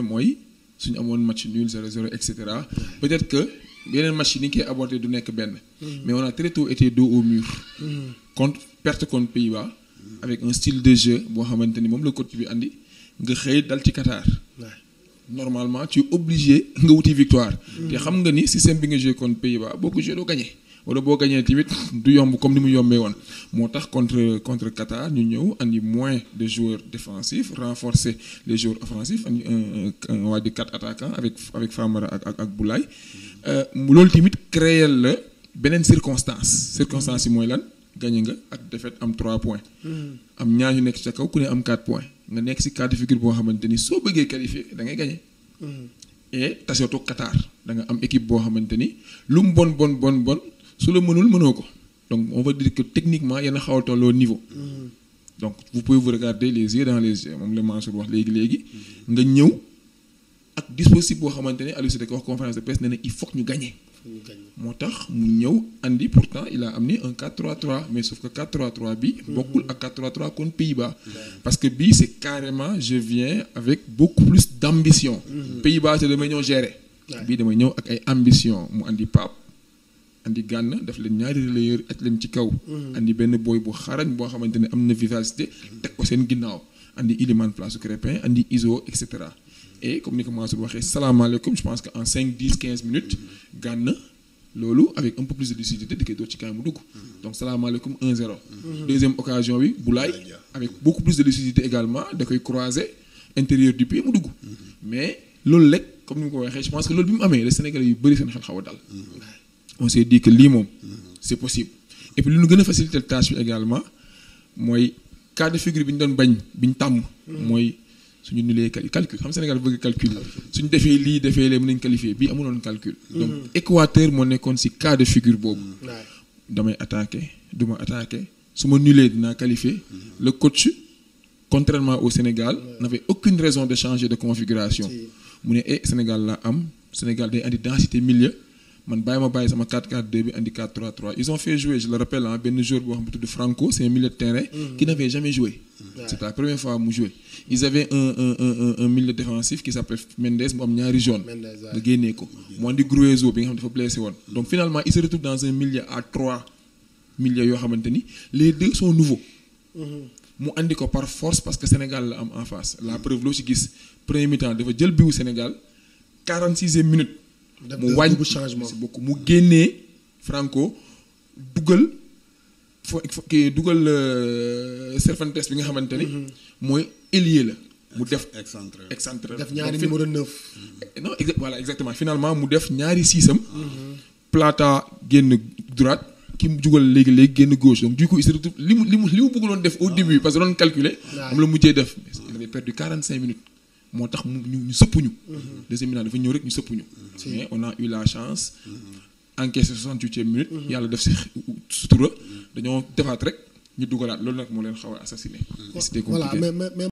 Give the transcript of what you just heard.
mooy suñu amoon match nul 0-0 et cetera peut-être que yeneen match yi ni ñu koy du nekk benn. Mm-hmm. mais on a très été dos au mur. Mm-hmm. contre perte contre Pays-Bas. avec un style de jeu boo xamante ni moom la coach bi andi nga xëy dal ci Qatar. normalement ci obligé nga wuti victoire. Mm-hmm. te xam nga ni système bi nga joué contre Pays-Bas boo ko joué doo gagné. wala boo gañee tamit du yomb comme ni mu yombee woon moo tax contre contre Qatar ñu ñëw andi moins de joueurs défensifs renforcer les joueurs offensifs andi un waa di quatre attaquants avec avec ak ak ak Boulaye euh, loolu tamit créer la beneen circonstance circonstance yi mooy lan gagné nga ak défaite am trois points hmm. am ñaar ñu nekk ca kaw ku ne am 4 points nga nekk si cas de figure boo xamante ni soo bëggee qualifier da ngay gagné hmm. et taseetoo danga am équipe boo xamante ni lu mu bon bon bon bon su la mënul mënoo ko donc moo va dire que techniquement yéen a xaw a tolloo niveau. Mm-hmm. donc vous pouvez vous regarder les yeux dans les yeux moom la Mansour wax léegi léegi. Mm-hmm. nga ñëw ak dispositif boo xamante ne Aliou Cissé wax conférence na il faut que ñu gagné. moo tax mu ñëw andi pourtant il a amené un 4 3 mais sauf que 4-3-3 bi. Mm-hmm. bokkul ak Pays-Bas. parce que bii c' est carrément je viens avec beaucoup plus d' ambition. Pays-Bas te damay ñëw gérer. bii damay ñëw ak ay ambition mu indi Pape. indi gànn daf leen ñaari relayeur aj leen ci kaw. Mm-hmm. andi benn booy bu xarañ boo xamante ne am na vivacité. teg ko seen ginnaaw andi Iliman place Crépin indi Iso et cetera. et comme ni ko Mansour waxee salaamaaleykum je pense en 5 10 15 minutes gànn loolu avec un peu plus de lucidité di koy door ci kaay mu dugg. Mm-hmm. donc salaamaaleykum 1 mm-hmm. occasion bi Boulaye. avec beaucoup plus de lucidité également da koy croiser intérieur du pied mu dugg. mais loolu rek comme ni mu ko waxee je pense que loolu bi mu amee les Sénégalais yu bëri seen xel xaw a dal. on lii moom c'est possible et puis lu ñu gën a faciliter bi également mooy cas de figure bi ñu doon bañ bi ñu tàmm mooy suñu nulee calcul xam Sénégal bëgg calcul suñu defee lii defee lee mën bii amuloon calcul mm-hmm. donc Équateur moo nekkoon si cas de figure boobu mm-hmm. damay attaqué du ma attaqué su ma nulee dinaa qualifier mm-hmm. le coach contrairement au Sénégal n'avait aucune raison de changer de configuration mu ne eh Sénégal laa am Sénégal day andi densité milieu man bàyyi ma bàyyi sama 4-4-2 bi andi 4-3-3 ils ont fait jouer je le rappelle ah benn joueur boo xam ne tudd Franco c'est un milieu de terrain. Mm. qui n'avait jamais joué. c'est la première fois mu joué. ils avaient un un un un milieu défensif qui mu am ñaari jaune. nga génnee ko mu andi Grueso bi nga xam dafa blessé woon. donc finalement ils se retrouvent dans un milieu à trois milieux yoo xamante ni les deux sont nouveaux. Mm-hmm. mu andi ko par force parce que Sénégal la am en face. la preuve loo ci gis premier mi-temps dafa jël biwu Sénégal 46e minute. mu waañ bu changement bokk mu génnee Franco dugal fo kii dugal euh, Cervantes bi nga xamante ni. Mhm. mooy ailier la. mu def excentré excentré def ñaari numéro 9. non exa finalement mu def ñaari siisam. Mhm. Plata génn droite. ki mu jugal léegi léegi génn gauche donc du coup il se retrouve li mu li mu li mu bëggoon def au ah. parce que doon calculer. moom la mujjee def. il avait perdu minutes. moo tax mu ñu ñu sëpp ñu. Mhm. deuxième mi-temps dafa ñëw rek ñu sëpp ñu. mais on a eu la chance. Mhm. encaissé soixante-huitième minute. Mhm. yàlla def si sutura. dañoo defaat rek ñu dugalaat loolu nag moo leen xaw a assassiné. c'était compliqué